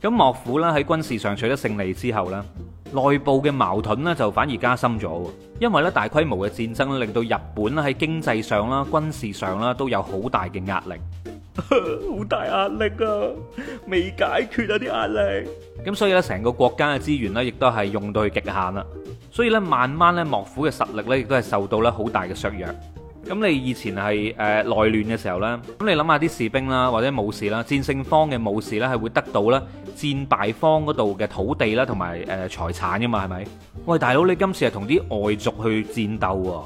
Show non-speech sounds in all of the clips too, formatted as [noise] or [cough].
咁幕府咧喺軍事上取得勝利之後呢，內部嘅矛盾呢就反而加深咗，因為呢大規模嘅戰爭令到日本喺經濟上啦、軍事上啦都有好大壓 [laughs] 好大嘅壓力，好大壓力啊！未解決啊啲壓力，咁所以呢成個國家嘅資源呢亦都係用到去極限啦，所以呢慢慢呢幕府嘅實力呢亦都係受到咧好大嘅削弱。咁你以前係誒、呃、內亂嘅時候呢，咁你諗下啲士兵啦，或者武士啦，戰勝方嘅武士呢係會得到呢戰敗方嗰度嘅土地啦，同埋誒財產噶嘛，係咪？喂，大佬你今次係同啲外族去戰鬥喎，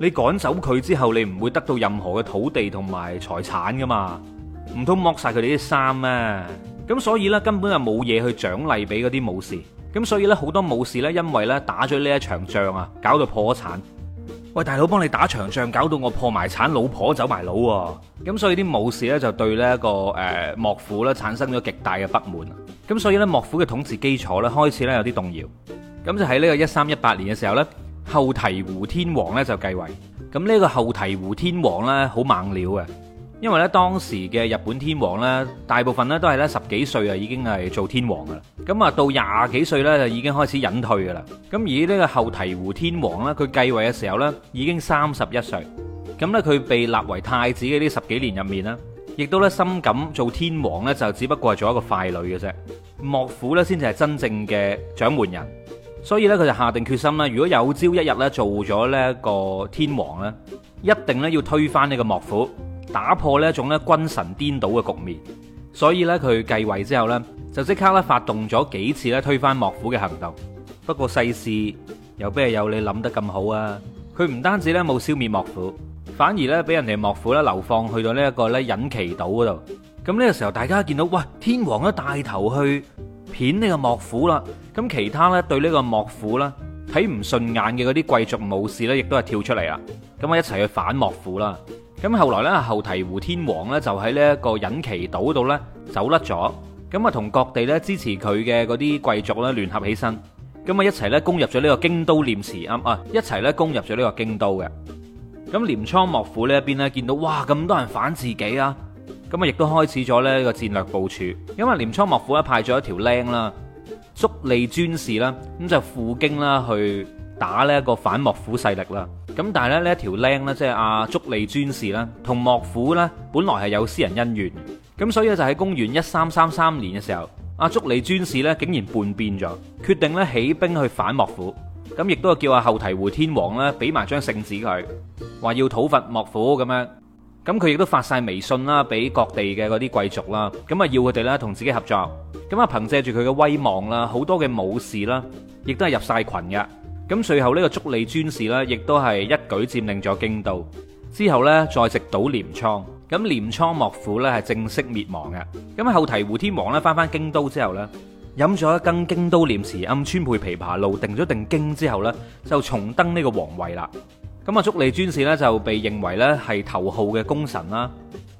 你趕走佢之後，你唔會得到任何嘅土地同埋財產噶嘛，唔通剝晒佢哋啲衫咩？咁所以呢，根本係冇嘢去獎勵俾嗰啲武士，咁所以呢，好多武士呢，因為呢打咗呢一場仗啊，搞到破產。喂，大佬，幫你打場仗，搞到我破埋產，老婆走埋佬喎，咁所以啲武士咧就對一、呢個誒、呃、幕府咧產生咗極大嘅不滿，咁所以咧幕府嘅統治基礎咧開始咧有啲動搖，咁就喺呢個一三一八年嘅時候咧，後醍醐天皇咧就繼位，咁呢個後醍醐天皇咧好猛料嘅。因為咧，當時嘅日本天皇咧，大部分咧都係咧十幾歲啊，已經係做天皇噶啦。咁啊，到廿幾歲咧就已經開始隱退噶啦。咁而呢個後醍醐天皇咧，佢繼位嘅時候咧已經三十一歲。咁咧，佢被立為太子嘅呢十幾年入面咧，亦都咧深感做天皇咧就只不過係做一個傀儡嘅啫。幕府咧先至係真正嘅掌門人，所以咧佢就下定決心啦：如果有朝一日咧做咗呢一個天皇咧，一定咧要推翻呢個幕府。打破呢一種咧君臣顛倒嘅局面，所以咧佢繼位之後咧，就即刻咧發動咗幾次咧推翻幕府嘅行動。不過世事又邊係有你諗得咁好啊？佢唔單止咧冇消滅幕府，反而咧俾人哋幕府咧流放去到呢一個咧隱岐島嗰度。咁呢個時候大家見到哇天皇都帶頭去騙呢個幕府啦，咁其他咧對呢個幕府啦睇唔順眼嘅嗰啲貴族武士咧，亦都係跳出嚟啦，咁啊一齊去反幕府啦。咁後來咧，後醍醐天皇咧就喺呢一個隱岐島度咧走甩咗，咁啊同各地咧支持佢嘅嗰啲貴族咧聯合起身，咁啊一齊咧攻入咗呢個京都念慈庵啊，一齊咧攻入咗呢個京都嘅。咁鐮倉幕府呢一邊咧見到哇咁多人反自己啊，咁啊亦都開始咗呢個戰略部署，因為鐮倉幕府咧派咗一條僆啦，足利尊氏啦，咁就赴京啦去打呢一個反幕府勢力啦。咁但係咧呢一條僆咧，即係阿足利尊氏啦，同幕府咧本來係有私人恩怨，咁所以咧就喺公元一三三三年嘅時候，阿足利尊氏咧竟然叛變咗，決定咧起兵去反幕府，咁亦都係叫阿後醍醐天皇咧俾埋張聖旨佢，話要討伐幕府咁樣，咁佢亦都發晒微信啦，俾各地嘅嗰啲貴族啦，咁啊要佢哋咧同自己合作，咁啊憑借住佢嘅威望啦，好多嘅武士啦，亦都係入晒群嘅。咁，最後呢個足利尊氏呢亦都係一舉佔領咗京都，之後呢，再直到鎌倉。咁，鎌倉幕府呢，係正式滅亡嘅。咁，後醍醐天皇呢，返返京都之後呢，咁，後醍醐天皇返返京都之後呢，咁，飲咗一羹京都念慈庵、川貝枇杷露，定咗定驚之後呢，就重登呢個皇位啦。咁，足利尊氏呢，就被認為呢，係頭號嘅功臣啦。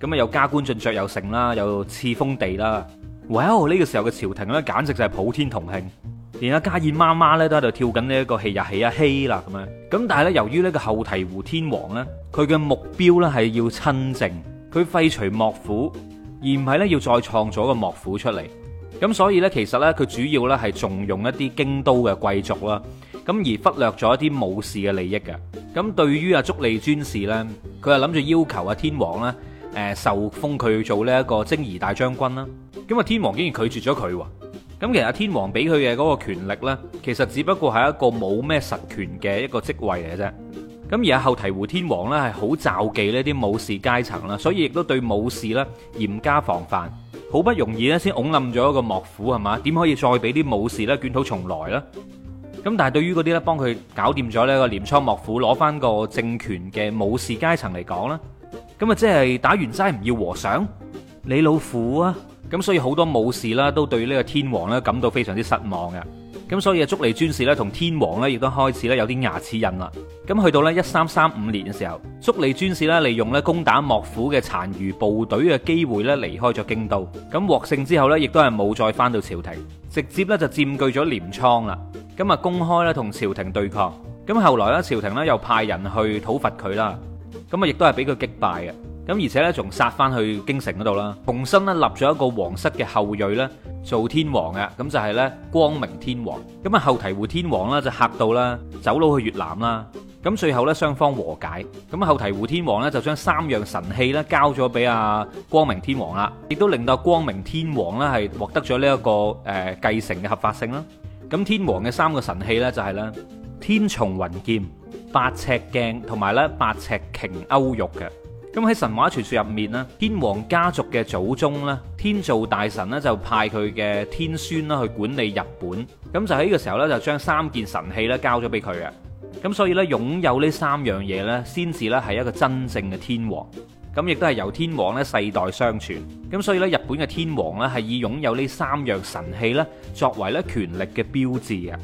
咁，又加官進爵，又成啦，又賜封地啦。哇，哦，呢個時候，嘅朝廷呢，簡直就係普天同慶。連阿加爾媽媽咧都喺度跳緊呢一個戲日起阿希啦咁樣，咁但係咧，由於呢個後醍醐天皇，咧，佢嘅目標咧係要親政，佢廢除幕府，而唔係咧要再創造一個幕府出嚟，咁所以咧，其實咧佢主要咧係重用一啲京都嘅貴族啦，咁而忽略咗一啲武士嘅利益嘅。咁對於阿足利尊氏咧，佢係諗住要求阿天皇咧，誒受封佢做呢一個征夷大將軍啦，咁啊天皇竟然拒絕咗佢喎。咁其實天皇俾佢嘅嗰個權力呢，其實只不過係一個冇咩實權嘅一個職位嚟嘅啫。咁而阿後醍醐天皇呢，係好就忌呢啲武士階層啦，所以亦都對武士呢嚴加防範。好不容易呢，先拱冧咗一個幕府係嘛，點可以再俾啲武士呢捲土重來呢？咁但係對於嗰啲呢，幫佢搞掂咗呢個鐮倉幕府攞翻個政權嘅武士階層嚟講呢，咁啊即係打完齋唔要和尚，你老虎啊！咁所以好多武士啦，都對呢個天皇咧感到非常之失望嘅。咁所以足利尊氏咧，同天皇咧，亦都開始咧有啲牙齒印啦。咁去到咧一三三五年嘅時候，足利尊氏咧利用咧攻打幕府嘅殘餘部隊嘅機會咧，離開咗京都。咁獲勝之後咧，亦都係冇再翻到朝廷，直接咧就佔據咗鐮倉啦。咁啊，公開咧同朝廷對抗。咁後來咧，朝廷呢又派人去討伐佢啦。咁啊，亦都係俾佢擊敗嘅。咁而且咧，仲殺翻去京城嗰度啦，重新咧立咗一個皇室嘅後裔咧做天皇嘅。咁就係、是、咧光明天皇咁啊。後醍醐天皇呢，就嚇到啦，走佬去越南啦。咁最後咧雙方和解，咁後醍醐天皇咧就將三樣神器咧交咗俾阿光明天皇啦，亦都令到光明天皇咧係獲得咗呢一個誒繼承嘅合法性啦。咁天皇嘅三個神器咧就係咧天叢雲劍、八尺鏡同埋咧八尺瓊勾玉嘅。咁喺神話傳說入面呢，天皇家族嘅祖宗呢，天造大神呢就派佢嘅天孫啦去管理日本。咁就喺呢個時候呢就將三件神器呢交咗俾佢嘅。咁所以呢，擁有呢三樣嘢呢先至呢係一個真正嘅天皇。咁亦都係由天皇呢世代相傳。咁所以呢，日本嘅天皇呢係以擁有呢三樣神器呢作為呢權力嘅標誌啊。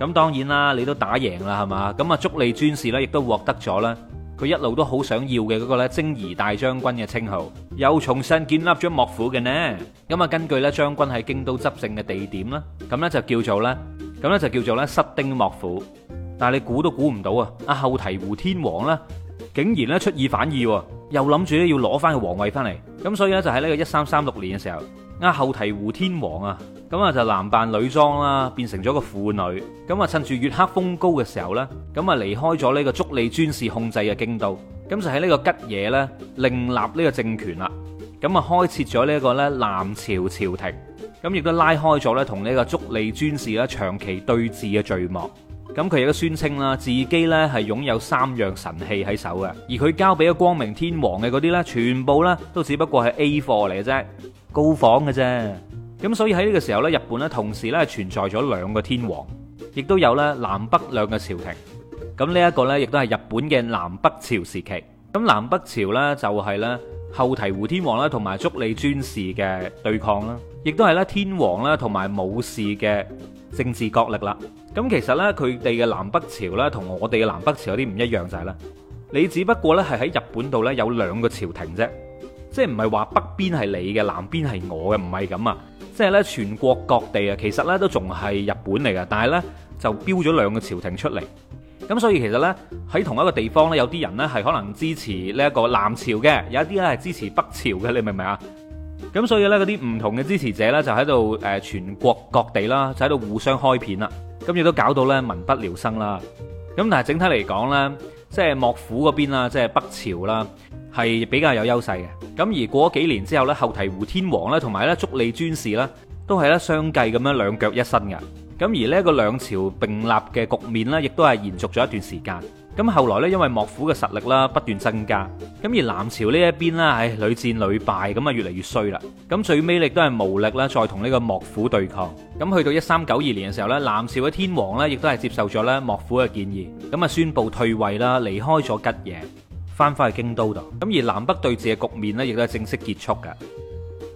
咁當然啦，你都打贏啦，係嘛？咁啊，足利尊氏呢亦都獲得咗啦。佢一路都好想要嘅嗰個咧征夷大將軍嘅稱號，又重新建立咗幕府嘅呢。咁啊，根據咧將軍喺京都執政嘅地點啦，咁咧就叫做咧，咁咧就叫做咧室町幕府。但係你估都估唔到啊！啊後醍醐天皇咧，竟然咧出爾反爾，又諗住咧要攞翻個皇位翻嚟。咁所以咧就喺呢個一三三六年嘅時候，啊後醍醐天皇啊。咁啊就男扮女裝啦，變成咗個婦女。咁啊趁住月黑風高嘅時候呢，咁啊離開咗呢個足利尊氏控制嘅京都，咁就喺呢個吉野呢，另立呢個政權啦。咁啊開設咗呢一個呢南朝朝廷，咁亦都拉開咗呢同呢個足利尊氏咧長期對峙嘅序幕。咁佢亦都宣稱啦，自己呢係擁有三樣神器喺手嘅，而佢交俾咗光明天皇嘅嗰啲呢，全部呢都只不過係 A 貨嚟嘅啫，高仿嘅啫。咁所以喺呢個時候呢，日本同時呢存在咗兩個天皇，亦都有咧南北兩個朝廷。咁呢一個呢亦都係日本嘅南北朝時期。咁南北朝呢，就係咧後醍醐天皇啦同埋足利尊氏嘅對抗啦，亦都係咧天皇啦同埋武士嘅政治角力啦。咁其實呢，佢哋嘅南北朝呢，同我哋嘅南北朝有啲唔一樣就係咧啦，你只不過呢係喺日本度呢有兩個朝廷啫，即係唔係話北邊係你嘅，南邊係我嘅，唔係咁啊。即係咧全國各地啊，其實咧都仲係日本嚟㗎，但係咧就標咗兩個朝廷出嚟。咁所以其實咧喺同一個地方咧，有啲人咧係可能支持呢一個南朝嘅，有一啲咧係支持北朝嘅，你明唔明啊？咁所以咧嗰啲唔同嘅支持者咧就喺度誒全國各地啦，就喺度互相開片啦，咁亦都搞到咧民不聊生啦。咁但係整體嚟講咧，即係幕府嗰邊啦，即係北朝啦。係比較有優勢嘅，咁而過咗幾年之後呢，後醍醐天皇咧同埋咧足利尊氏呢都係咧相繼咁樣兩腳一伸嘅，咁而呢個兩朝並立嘅局面呢，亦都係延續咗一段時間。咁後來呢，因為幕府嘅實力啦不斷增加，咁而南朝呢一邊呢，唉，屢戰屢敗，咁啊越嚟越衰啦。咁最尾亦都係無力啦，再同呢個幕府對抗。咁去到一三九二年嘅時候呢，南朝嘅天皇呢，亦都係接受咗咧幕府嘅建議，咁啊宣佈退位啦，離開咗吉野。翻返去京都度，咁而南北對峙嘅局面呢，亦都係正式結束噶。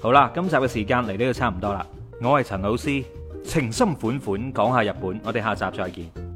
好啦，今集嘅時間嚟呢度差唔多啦，我係陳老師，情深款款講下日本，我哋下集再見。